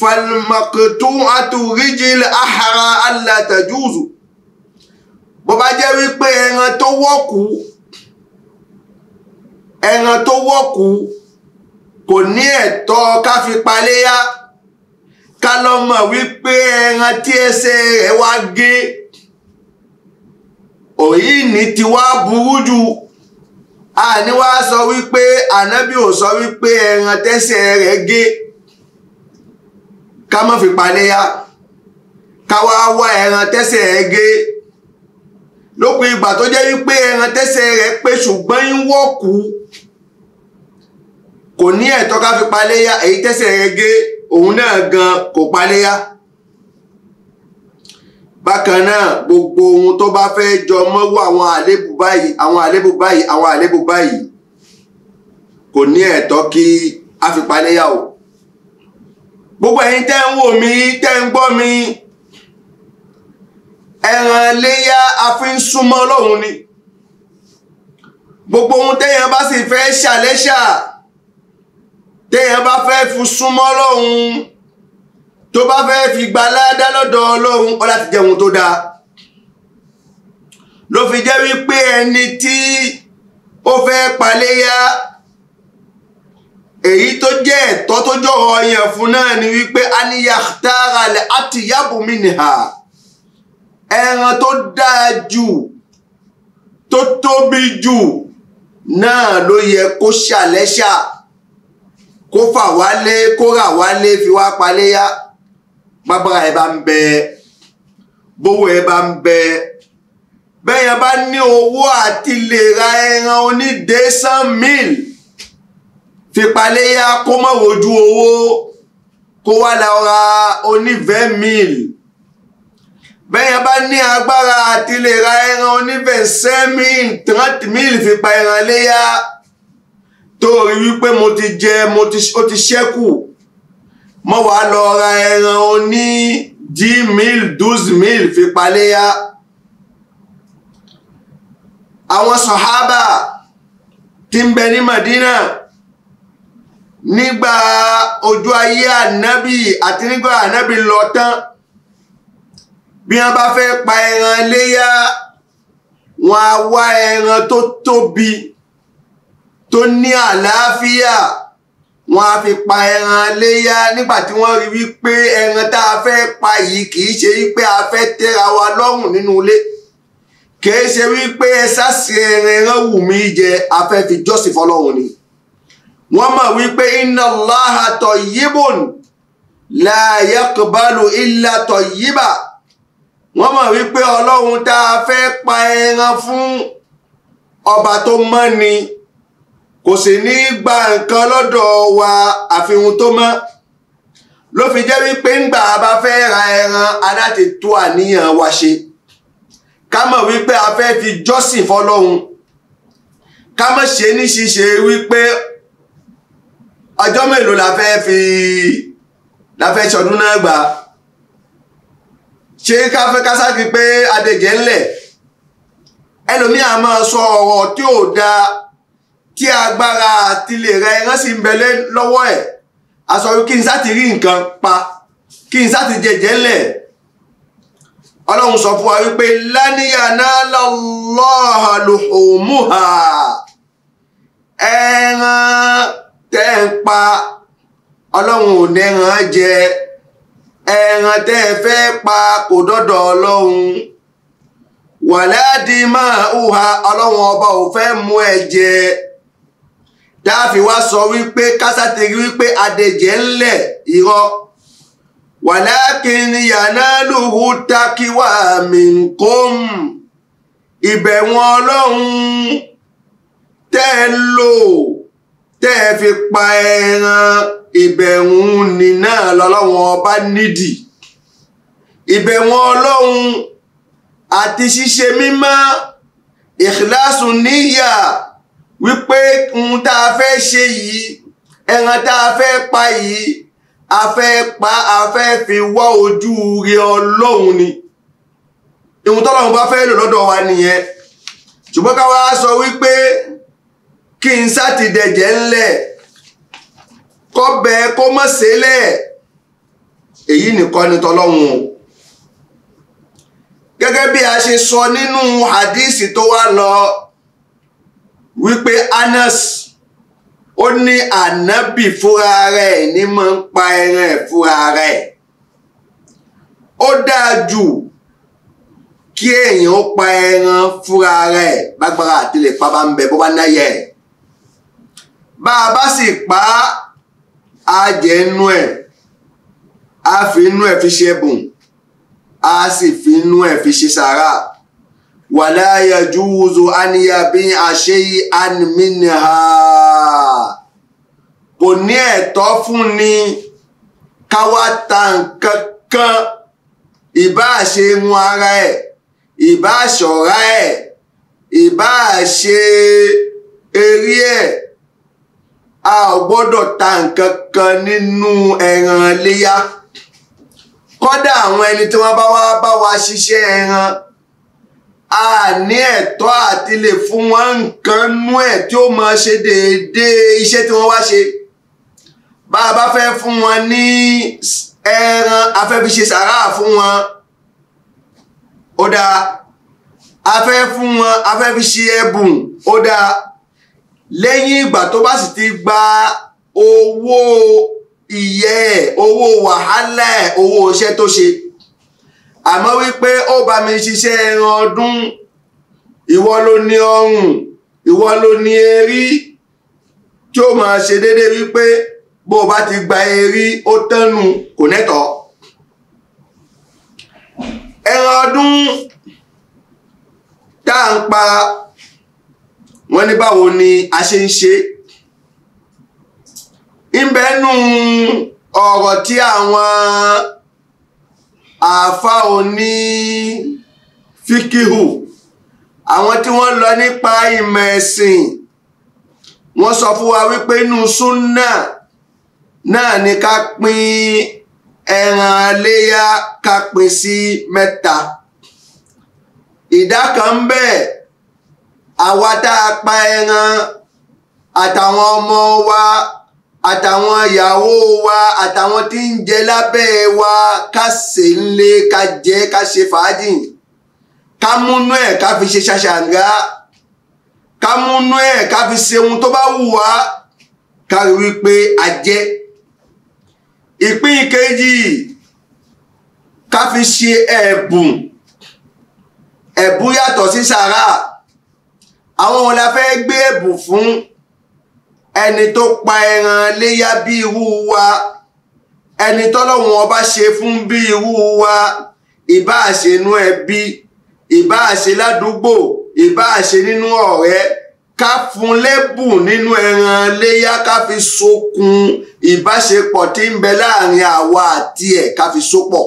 falmakitun àtúríjìl àhàrà alátàjúzù bó bá jẹ́ wípé ẹran tó wọ́kú ẹran tó wọ́kú kò ní ẹ̀tọ́ ká fi paléyá ká lọ́mọ wípé ẹran tí ẹsẹ̀ rẹ̀ wá gé òyìnbí ti wá burú jù àní wá sọ wípé ànábì ò sọ wípé ẹran tẹ́sẹ̀ rẹ̀ gé ká má fi paléyá ká wá wá ẹran tẹ́sẹ̀ rẹ̀ gé lópin ìgbà tó jẹ́ wípé ẹran tẹ́sẹ̀ rẹ̀ pé ṣùgbọ́n ń wọ́kùú kò ní ẹ̀tọ́ ká fi paléyá èyí tẹ́sẹ̀ rẹ̀ gé òun náà gan kò paléyá bákan náà gbogbo ohun tó bá fẹ́ jọ mọ́wọ́ àwọn àlébù báyìí àwọn àlébù báyìí àwọn àlébù báyìí kò ní ẹ̀tọ́ kí a fi paléyá o gbogbo ẹ̀yin tẹ́ ń wò mí tẹ́ ń gbọ́ mi ẹran léyá a fi ń súnmọ́ Ọlọ́run ni gbogbo ohun tẹ́yàn bá sì fẹ́ ṣàlẹ́ṣà. Sha téèyàn bá fẹ́ fi súnmọ́ lọ́hùn tó bá fẹ́ fi gba ládá lọ́dọ̀ ọlọ́hun ó láti jẹun tó dáa ló fi jẹ́ wípé ẹni tí ó fẹ́ paléyá èyí tó jẹ́ ẹ̀tọ́ tó jọ ọyàn fún náà ni wípé aniyakhtara lẹ atiyabu minha ẹran tó dáa jù tó tóbi jù náà ló yẹ kó ṣàlẹ́ṣà kó fà wálé kó rà wálé fi wá paléyá bábára ẹ bá ń bẹ bówó ẹ bá ń bẹ bẹ́yẹn bá ní owó àti lè ra ẹran onídẹ́sán mil fi paléyá kó má wojú owó kó wá la ra onífẹ́ mil bẹ́yẹn bá ní agbára àti lè ra ẹran onífẹ́ sẹ́mìl trente mil fi pa ẹran léyà tó rí wípé mo ti jẹ mo ti ó ti ṣẹ́kù mo wàá lọ ra ẹran oní dix mille douze mille fi paléyà àwọn sàhábà tí ń bẹ ní Madina nígbà ojú ayé ànábì àti nígbà ànábì lọ tán bí wọn bá fẹ́ pa ẹran léyà wọn á wá ẹran tó tóbi tó ní àlàáfíà wọ́n á fi pa ẹran léyà nígbà tí wọ́n rí wípé ẹran tá a fẹ́ pa yìí kì í ṣe wípé a fẹ́ tẹ́ra wa lọ́rùn nínú ilé kì í ṣe wípé ẹ sáṣẹ ẹran ẹran wù mí jẹ a fẹ́ fi jọ́sìn fọlọ́run ni wọ́n mọ̀ wípé inna Allaha tayyibun la yaqbalu illa tayyiba wọ́n mọ̀ wípé ọlọ́run tá a fẹ́ pa ẹran fún ọba tó mọ́ ni kò sì ní gba nǹkan lọ́dọ̀ wa àfihàn tó mọ́ ló fi jẹ́ wípé ńgbà bá fẹ́ ra ẹran adáti tó àníyàn wa ṣe ká mọ̀ wípé a fẹ́ fi jọ́sìn fọlọ́hun ká mọ̀ ṣe ní ṣíṣe wípé ọjọ́ mélòó la fẹ́ fi la fẹ́ ṣọdún náà gbà ṣé ká fẹ́ ká sáàkì pé adẹ̀jẹ̀ ńlẹ̀ ẹlòmíà máa sọ ọ̀rọ̀ tí ò dáa tí agbára àtìlè rẹ ẹran sì ń bẹ lọ́wọ́ ẹ̀ aṣọ kí n sá ti rí nǹkan pa kí n sá ti jẹjẹ lẹ̀ ọlọ́run sọ fún wa wípé lánìyànà lọ́lọ́hà lòhùnmùhà ẹran tẹ́ ń pa ọlọ́run ò nẹ́ran jẹ ẹran tẹ́ ẹ fẹ́ pa kò dọ́dọ̀ ọlọ́run wàlẹ́ àdìmọ́ ọ̀hà ọlọ́run ọba ò fẹ́ mú ẹ jẹ dáàfin wá sọ wípé kásátẹ́rì wípé adẹ̀jẹ̀ ńlẹ̀ irọ́ wàlákin yanaluhu takiwa minkum ìbẹ̀wọ̀n ọlọ́run tẹ́ ẹ lò tẹ́ ẹ fi pa ẹran ìbẹ̀wọ̀n nìna lọ́lọ́run ọba nídìí ìbẹ̀wọ̀n ọlọ́run àti ṣíṣe mímọ́ ìkìláṣù níyà wípé ohun tá a fẹ́ ṣe yìí ẹran tá a fẹ́ pa yìí a fẹ́ pa a fẹ́ fi wá ojú rẹ ọlọ́run ni ohun tọ́lọ́run bá fẹ́ lò lọ́dọ̀ wa nìyẹn ṣùgbọ́n ká wá sọ wípé kí n sátidẹ̀jẹ̀ ńlẹ̀ kọ́bẹ̀ kó mọ̀ sílẹ̀ èyí nìkan ni tọ́lọ́run o gẹ́gẹ́ bí a ṣe sọ nínú hadísì tó wá lọ wípé Anas ó ní ànábì fúnra rẹ̀ ní máa ń pa ẹran ẹ̀ fúnra rẹ̀ ó dáa jù kí èèyàn ó pa ẹran fúnra rẹ̀ bágbára àti lè pa bá ń bẹ bó bá náyẹ bá a bá sì pa á jẹ inú ẹ̀ a fi inú ẹ̀ fi ṣe bùn a sì fi inú ẹ̀ fi ṣe sàrà. ولا يجوز أن يبيع شيئا منها kò ní ẹ̀tọ́ fún ni ká wá ta nǹkan kan ìbáà ṣe irun ara ẹ̀ ìbáà ṣọ̀rá ẹ̀ ìbáà ṣe eré ẹ̀ a ò gbọ́dọ̀ ta nǹkan kan nínú ẹran léyà kọ́dà àwọn ẹni tí wọ́n bá wá bá wa ṣiṣẹ́ ẹran a ní ẹ̀tọ́ àti lè fún wọn nǹkan nú ẹ̀ tí ó máa ṣe déédéé iṣẹ́ tí wọ́n wá ṣe bá a bá fẹ́ fún wọn ní ẹran a fẹ́ fi ṣe sàrà fún wọn ó dáa a fẹ́ fún wọn a fẹ́ fi ṣe ẹ̀bùn ó dáa lẹ́yìn ìgbà tó bá sì ti gba owó ìyẹ́ owó wàhálà owó iṣẹ́ tó ṣe àmọ́ wípé ó bá mi ṣiṣẹ́ ẹran ọdún ìwọ ló ní ọrùn ìwọ ló ní erí tí ó máa ṣe déédéé wípé bó o bá ti gba erí ó tánu kò nẹ́tọ̀ọ́ ẹran ọdún tá à ń pa wọ́n ní báwo ni a ṣe ń ṣe ń bẹ́ẹ̀ nù ọ̀rọ̀ tí àwọn àáfà òní fíkìhù àwọn tí wọ́n lọ nípa ìmọ̀ ẹ̀sìn wọ́n sọ fún wa wípé inú súnà náà ni ká pín ẹran aléyá ká pín sí mẹ́ta ìdá kan ń bẹ àwa tá a pa ẹran àtàwọn ọmọ wa àtàwọn ìyàwó wa àtàwọn tí ń jẹ lábẹ́ wa ká ṣe ń lé ká jẹ ká ṣe fàájì ká múnú ẹ̀ ká fi ṣe ṣàṣàǹgá ká múnú ẹ̀ ká fi ṣe ohun tó bá wù wá ká rí wípé a jẹ́ ìpín kejì ká fi ṣe ẹ̀bùn ẹ̀bùn yàtọ̀ sí sàrà àwọn wo la fẹ́ gbé ẹ̀bùn fún ẹni tó pa ẹran léyà bí irú wa ẹni tọ́lọ́hun ọba ṣe fún bí irú wa ìbá àṣe inú ẹbí ìbá àṣe ládùúgbò ìbá àṣe nínú ọ̀rẹ́ ká fún lẹ́bùn nínú ẹran léyà ká fi sokun ìbáṣepọ̀ tí ń bẹ láàrin àwa àti ẹ̀ ká fi sopọ̀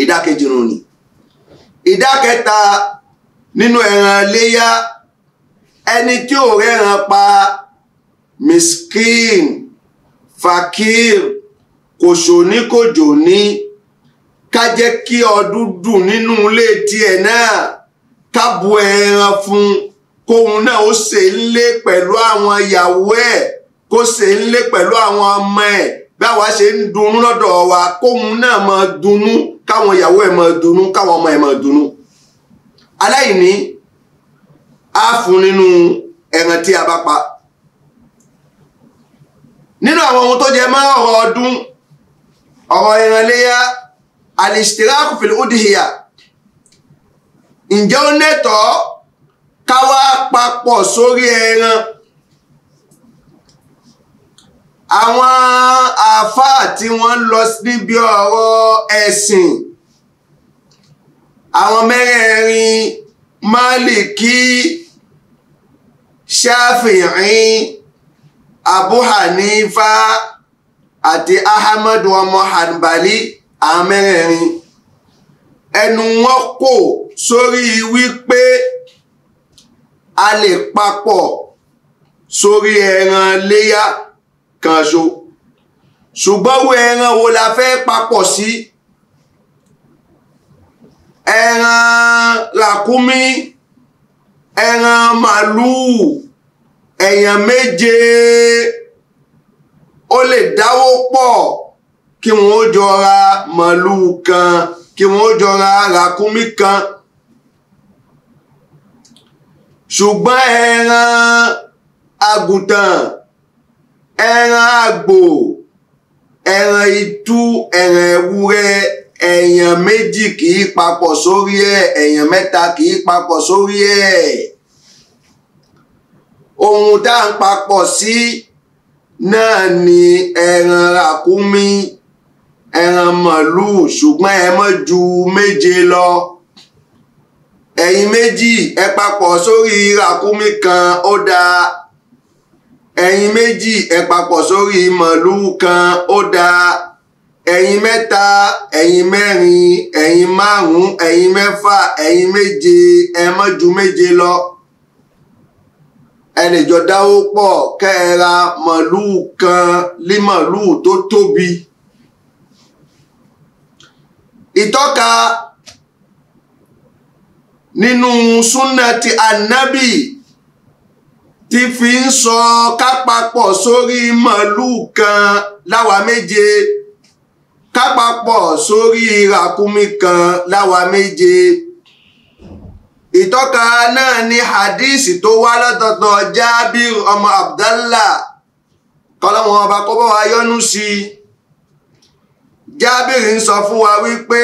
ìdákejì rùn ni ìdákẹta nínú ẹran léyà ẹni tí ò rẹ́ran pa miskin fakir kòṣòníkòjò ní ká jẹ́ kí ọdún dùn nínú ilé tiẹ̀ náà ká bu ẹran fún un kóun náà ó ṣe ń lé pẹ̀lú àwọn ìyàwó ẹ̀ kó ṣe ń lé pẹ̀lú àwọn ọmọ ẹ̀ báwa ṣe ń dunnú lọ́dọ̀ wa kóun náà máa dunnú káwọn ìyàwó ẹ̀ máa dunnú káwọn ọmọ ẹ̀ máa dunnú. aláìní á fún nínú ẹran tí a bá pa nínú àwọn ohun tó jẹ mọ́ ọ̀rọ̀ ọdún ọ̀rọ̀ ìrànlẹ́yà alistiraku fil udhiya ǹjẹ́ ó nẹ́tọ̀ káwá papọ̀ sórí ẹran àwọn àáfàá tí wọ́n lọ níbi ọ̀rọ̀ ẹ̀sìn àwọn mẹ́rẹ̀ẹ̀rin Málíkì Ṣáfi'í abu hanifa àti ahmadu ọmọ hanbali amẹ́rẹ̀rin ẹnu wọn kò sórí wípé a lè papọ̀ sórí ẹran léyà kan ṣo ṣùgbọ́n wo ẹran wo la fẹ́ papọ̀ sí ẹran làkúmí ẹran màlúù èèyàn méje ó lè dáwó pọ̀ kí wọ́n ó jọ ra màlúù kan kí wọ́n ó jọ ra ràkúnmí kan ṣùgbọ́n ẹran àgùntàn ẹran àgbò ẹran itú ẹran ewúrẹ́ èèyàn méjì kì í papọ̀ sórí ẹ̀ èèyàn mẹ́ta kì í papọ̀ sórí ẹ̀ ohun tá à ń papọ̀ sí náà ni ẹran ràkúnmí ẹran màlúù ṣùgbọ́n ẹ mọ́ ju méje lọ ẹ̀yin méjì ẹ papọ̀ sórí ràkúnmí kan ó dáa ẹ̀yin méjì ẹ papọ̀ sórí màlúù kan ó dáa ẹ̀yin mẹ́ta ẹ̀yin mẹ́rin ẹ̀yin márùn-ún ẹ̀yin mẹ́fà ẹ̀yin méje ẹ mọ́ ju méje lọ ẹ lè jọ dáwó pọ̀ kẹ́ ẹ ra màlúù kan lé màlúù tó tóbi ìtọ́ka nínú súnà ti ànábì ti fi ń sọ kápapọ̀ sórí màlúù kan láwa méje kápapọ̀ sórí ràkúnmí kan láwa méje ìtọ́ka náà ni hadith tó wá látọ̀tọ̀ jábìr ọmọ abdallah kọ́lọ́wọ́n ọba kó bá wa yọ́nú sí i jábìr ń sọ fún wa wípé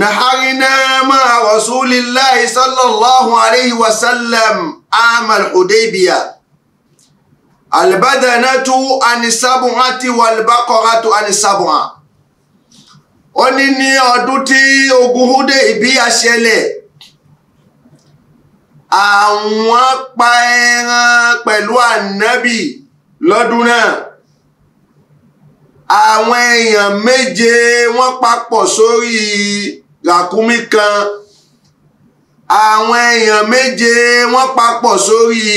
naharina máa rasulillahi sallallahu alayhi wa sallam amal hudaybiya albadanatu anisabuhati walbakoratu anisabuha ó ní ní ọdún tí ogun hudaybiya ṣẹlẹ̀ àwọn pa ẹran pẹ̀lú ànábì lọ́dún náà àwọn èèyàn méje wọ́n papọ̀ sórí ràkúnmí kan àwọn èèyàn méje wọ́n papọ̀ sórí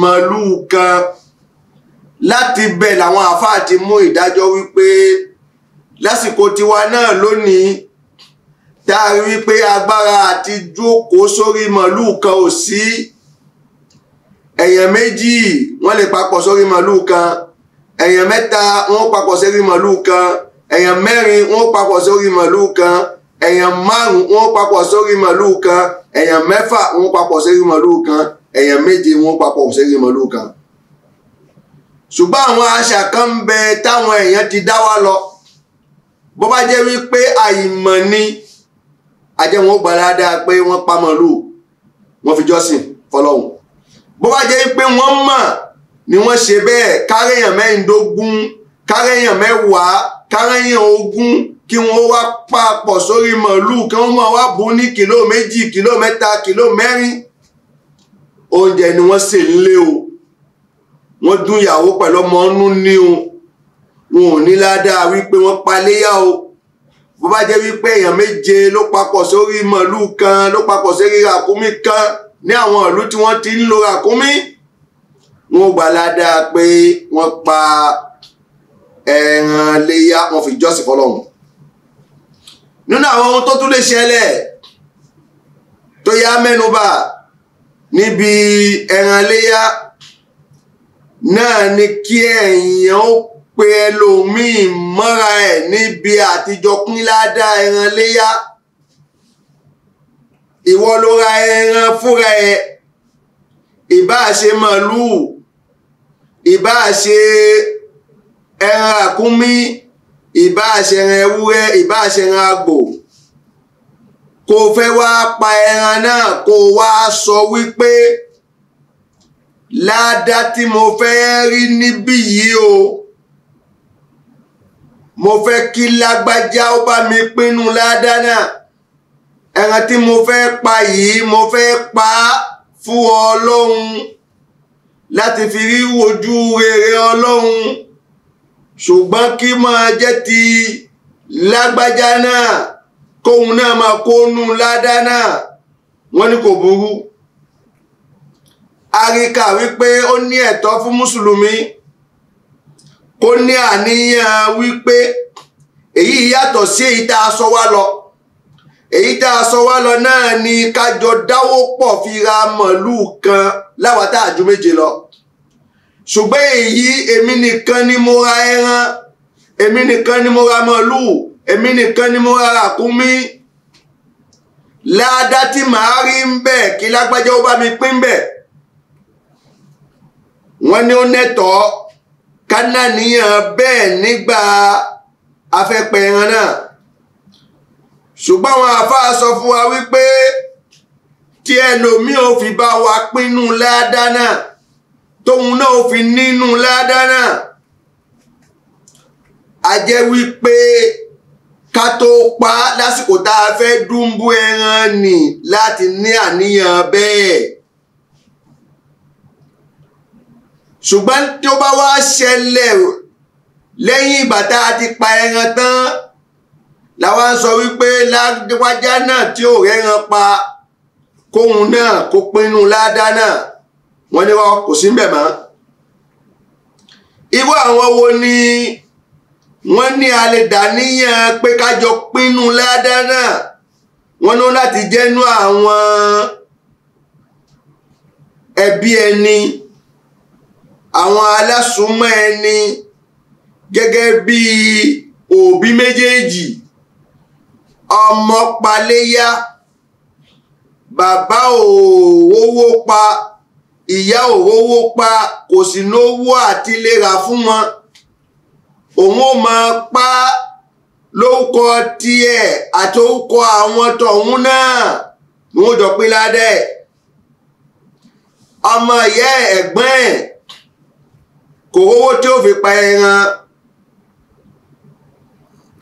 màlúù kan láti bẹ̀ làwọn àáfàá ti mú ìdájọ́ wípé lásìkò tiwa náà lónìí tá a rí pé agbára àti jókòó sórí màlúù kan ò sí èèyàn méjì wọ́n lè papọ̀ sórí màlúù kan èèyàn mẹ́ta wọ́n papọ̀ sórí kan èèyàn mẹ́rin wọ́n papọ̀ sórí kan èèyàn márùn wọ́n papọ̀ sórí kan èèyàn mẹ́fà wọ́n papọ̀ sórí kan èèyàn méje wọ́n papọ̀ sórí kan. ṣùgbọ́n àwọn àṣà kan ń bẹ táwọn ti dá wa lọ bó bá jẹ́ wípé àìmọ̀ ni. ajẹ́ wọn ó gbà dáadáa pé wọ́n pa màálù wọ́n fi jọ́sìn fọlọ́hún bó bá jẹ́ pé wọ́n mọ̀ ni wọ́n ṣe bẹ́ẹ̀ kárẹ̀yàn mẹ́rìndógún kárẹ̀yàn mẹ́wàá kárẹ̀yàn ogún kí wọ́n wá papọ̀ sórí màálù kí wọ́n máa wá bù ní kìló méjì kìló mẹ́ta kìló mẹ́rin oúnjẹ ni wọ́n sè ńlé o wọ́n dún ìyàwó pẹ̀lú ọmọ ọ̀nù ní o wọn ò ní ládàá wípé wọ́n pa o bó bá jẹ́ wípé èèyàn méje ló papọ̀ sórí màálù kan ló papọ̀ sórí ràkúnmí kan ní àwọn ìlú tí wọ́n ti ń lo ràkúnmí wọn ò gbà ládàá pé wọ́n pa ẹran léyà wọn fi jọ́sìn fọlọ́run nínú àwọn ohun tó tún lè ṣẹlẹ̀ tó yá mẹ́nubà níbi ẹran léyà náà ni kí ẹ̀yàn ó pe ẹlòmíì mọ́ra ẹ̀ níbi àtijọ́ pínládá ẹran léyà ìwọ ló ra ẹran fúnra ẹ ìbáà ṣe màlúù ìbáà ṣe ẹran àkúnmí ìbáà ṣe ẹran ewúrẹ́ ìbáà ṣe ẹran àgbò kò fẹ́ wá pa ẹran náà kò wá sọ wípé ládá tí mo fẹ́ rí níbí yìí o mo fẹ́ kí lágbájá ó bá mi pinnu ládánà ẹran tí mo fẹ́ pa yìí mo fẹ́ pa á fún ọlọ́run láti fi rí ojú rere ọlọ́run ṣùgbọ́n kí máa jẹ́ ti lágbájá náà kóun náà máa kó nù ládánà wọ́n ní kò burú. a rí i kà wípé ó ní ẹ̀tọ́ fún mùsùlùmí kó ní àníyàn wípé èyí yàtọ̀ sí èyí tá a sọ wá lọ èyí tá a sọ wá lọ náà ni kájọ dáwó pọ̀ fi ra mọ̀lúù kan láwa tá a ju méje lọ ṣùgbọ́n èyí èmi nìkan ni mo ra ẹran èmi nìkan ni mo ra mọ̀lúù èmi nìkan ni mo ra ràkúnmí láàdá tí màá rí ń bẹ̀ kí lágbájá ó bá mi pín bẹ̀ wọ́n ní ó nẹ́tọ̀ọ́ kánáníyàn bẹ́ẹ̀ nígbà afẹ́pẹ́ ẹran náà ṣùgbọ́n àwọn àfáà sọ fún wa wípé tí ẹlòmíì ò fi bá wa pinnu ládá náà tóun náà ò fi nínú ládá náà a jẹ́ wípé ká tó pa lásìkò tá a fẹ́ dúnbú ẹran nì láti ní àníyàn bẹ́ẹ̀. ṣùgbọ́n tó bá wá ṣẹlẹ̀ lẹ́yìn ìgbà tá a ti pa ẹran tán làwa ń sọ wípé lágbájá náà tí ò rẹ́ran pa kóhun náà kó pinnu ládá náà wọ́n ní wọn kò sí ń bẹ̀ mọ́. irú àwọn wo ni wọ́n ní a lè dá níyàn pé ká jọ pinnu ládá náà wọ́n ní láti jẹ́nu àwọn ẹbí ẹni àwọn alásùnmọ́ ẹni gẹ́gẹ́ bí òbí méjèèjì ọmọ paléyá bàbá òwòwò pa ìyá òwòwò pa kò sì lówó àti lera fún wọn òun ó máa pa lórúkọ tiẹ̀ àti orúkọ àwọn tọ̀hún náà ni wọ́n jọ pín ládẹ́ ọmọ ìyá ẹ̀gbọ́n ẹ̀ kò rówó tí ó fi pa ẹran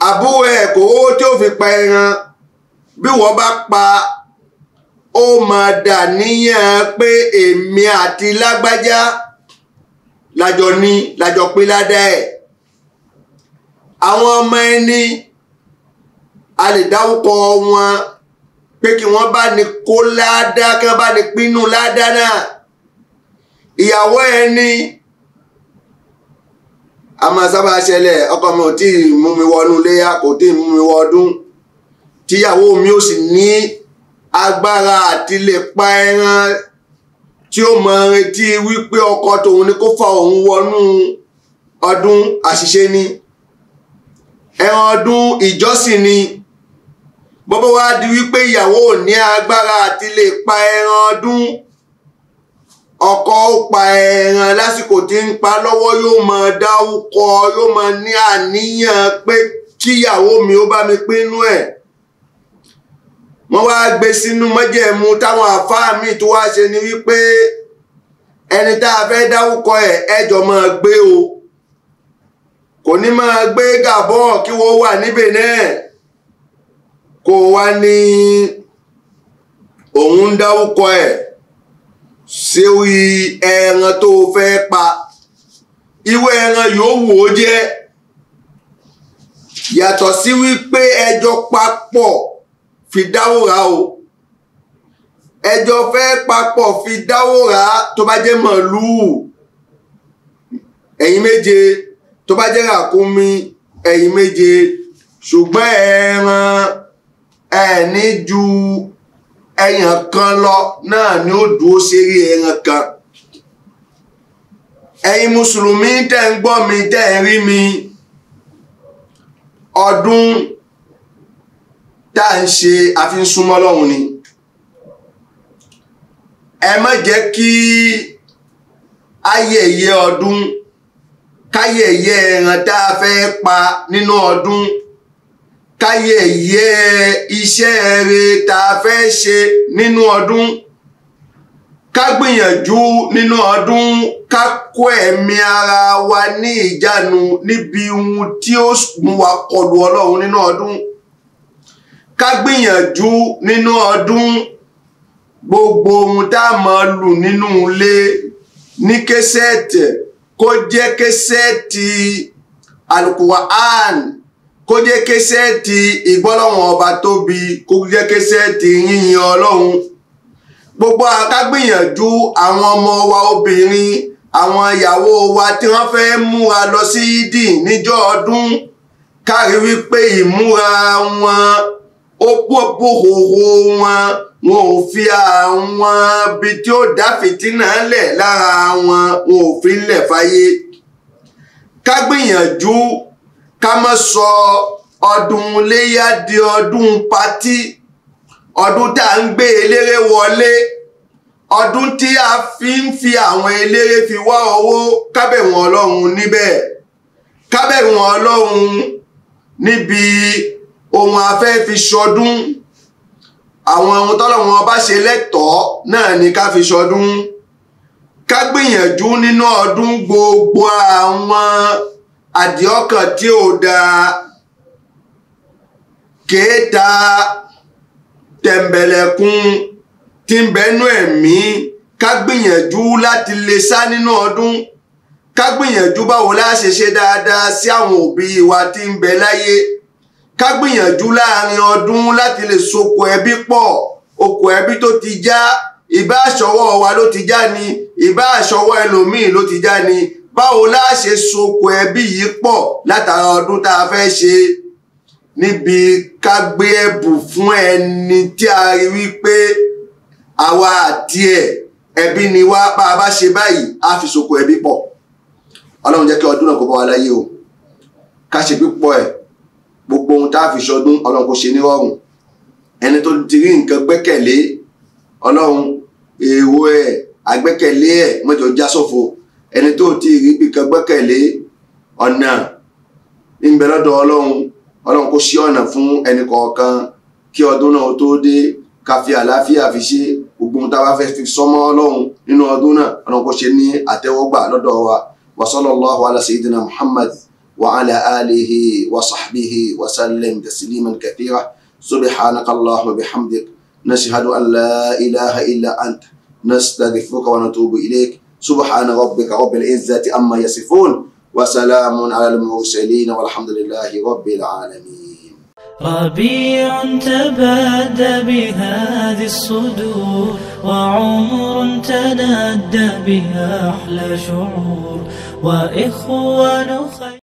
àbúrò ẹ̀ kò rówó tí ó fi pa ẹran bí wọ́n bá pa ó máa dà níyàn pé èmi àti lágbájá lájọ ní lájọ pé ládà ẹ̀ àwọn ọmọ ẹni a lè dáwọ́kọ wọn pé kí wọ́n bá ní kó ládàá kí wọ́n bá ní pinnu ládàá náà ìyàwó ẹni. E a máa sábà ṣẹlẹ̀ ọkọ mi ò tí ì mú mi wọnú léyà kò tí ì mú mi wọdún tíyàwó mi ò sì ní agbára àti lè pa ẹran tí ó mọ retí wípé ọkọ tòun ni kó fa òun wọnú ọdún àṣìṣe ni ẹran ọdún ìjọsìn ni bọ́bọ́ wá di wípé ìyàwó ò ní agbára àti lè pa ẹran ọdún ọkọ ó pa ẹran lásìkò tí ń pa lọ́wọ́ yóò máa dáwúkọ yóò máa ní àníyàn pé kíyàwó mi ó bá mi pinnu ẹ̀ wọ́n wá gbé sínú mọ́jẹ̀mú táwọn àfáà míì tó wá ṣe ni wípé ẹni tá a fẹ́ dáwúkọ ẹ̀ ẹjọ́ máa gbé o kò ní máa gbé gàbọ́ kí wọ́n wà níbẹ̀ náà kò wá ní òun dáwúkọ ẹ̀. E ṣe ẹran tó o fẹ́ pa ìwé ẹran yóò wò ó jẹ́ yàtọ̀ sí wípé ẹjọ́ papọ̀ fi dáwòrá o ẹjọ́ fẹ́ papọ̀ fi dáwòrá tó bá jẹ́ màlúù ẹ̀yin méje tó bá jẹ́ ràkúnmí ẹ̀yin méje ṣùgbọ́n ẹran ẹ̀ ní ju ẹyàn kan lọ náà ni ó dúró sérí ẹran kan ẹ̀yin mùsùlùmí tẹ́ ń gbọ́ mi tẹ́ ń rí mi ọdún tá à ń ṣe àfihànsúnmọ́ lọ́hùn ni ẹ má jẹ́ kí ayẹyẹ ọdún káyẹyẹ ẹran tá a fẹ́ pa nínú ọdún. No káyẹyẹ iṣẹ́ rere tá a fẹ́ ṣe nínú ọdún ká gbìyànjú nínú ọdún ká kó ẹ̀mí ara wa ní ìjánu níbi ohun tí ó mú wa kọlù ọlọ́run nínú ọdún ká gbìyànjú nínú ọdún gbogbo ohun tá a máa lù nínú ilé ní késẹ́ẹ̀tì kó jẹ́ késẹ́ẹ̀tì alukuwa ann kó jẹ́ kẹsẹ́ ti ìgbọ́lọ́run ọba tóbi kó jẹ́ kẹsẹ́ ti yíyin ọlọ́run gbogbo akágbìyànjú àwọn ọmọ wa obìnrin àwọn ìyàwó wa tí wọ́n fẹ́ mú wa lọ sí ìdì níjọ́ ọdún kárí wípé ìmúra wọn ó pòpò hòhò wọn wọn ò fi àwọn ibi tí ó dá fìtínà lẹ̀ lára wọn wọn ò fi lẹ̀ fáyé ká ká má sọ ọdún léyà di ọdún patí ọdún tá à ń gbé eléré wọlé ọdún tí a fi ń fi àwọn eléré fi wá owó kábẹ̀wọ̀n ọlọ́run níbẹ̀ kábẹ̀wọ̀n ọlọ́run níbi ohun afẹ́ fi ṣọdún àwọn ohun tọ́lọ́run ọba ṣe lẹ́tọ̀ọ́ náà ni ká fi ṣọdún ká gbìyànjú nínú ọdún gbogbo àwọn àdìọ́kàn tí ò dáa kéèta tẹ̀m̀bẹ̀lẹ̀kun tí ń bẹnu ẹ̀mí ká gbìyànjú láti lè sá nínú ọdún ká gbìyànjú báwo la ṣe ṣe dáadáa sí àwọn òbí wa tí ń bẹ láyé ká gbìyànjú láàrin ọdún láti lè sokò ẹbí pọ̀ okò ẹbí tó ti já ìbá àṣọwọ́ wa ló ti já ni ìbá àṣọwọ́ ẹlòmíì ló ti já ni báwo láà ṣe sokò ẹbí yìí pọ̀ látara ọdún tá a fẹ́ ṣe níbi ká gbé ẹ̀bù fún ẹni tí a rí wípé àwa àti ẹ̀ ẹbí ni wá bá a bá ṣe báyìí á fi sokò ẹbí pọ̀ ọlọ́run jẹ́ kí ọdún náà kó bá wa láyé o ká ṣe pípọ̀ ẹ̀ gbogbo ohun tá a fi ṣọdún ọlọ́run kò ṣe nírọ̀rùn ẹni tó ti rí nǹkan gbẹ́kẹ̀lé ọlọ́run èrò ẹ̀ àgbẹ́kẹ̀lé ẹ̀ mọ́jọ já sófo ẹni tó ti rí bí kan gbẹ́kẹ̀lé ọ̀nà ń bẹ lọ́dọ̀ ọlọ́run ọlọ́run kó ṣí ọ̀nà fún ẹnì kọ̀ọ̀kan kí ọdún náà tó dé ká fi àlàáfíà fi ṣe gbogbo ohun tá a bá fẹ́ fi sọmọ́ ọlọ́run nínú ọdún náà ọlọ́run kó ṣe ní àtẹ́wọ́gbà lọ́dọ̀ wa wa sallallahu ala muhammad wa alihi wa sahbihi wa sallam tasliman kathira subhanaka allahumma bihamdik ilaha illa anta nastaghfiruka wa natubu ilayk سبحان ربك رب العزة أما يصفون وسلام على المرسلين والحمد لله رب العالمين ربيع تبادى بهذه الصدور وعمر تنادى بها أحلى شعور وإخوان خير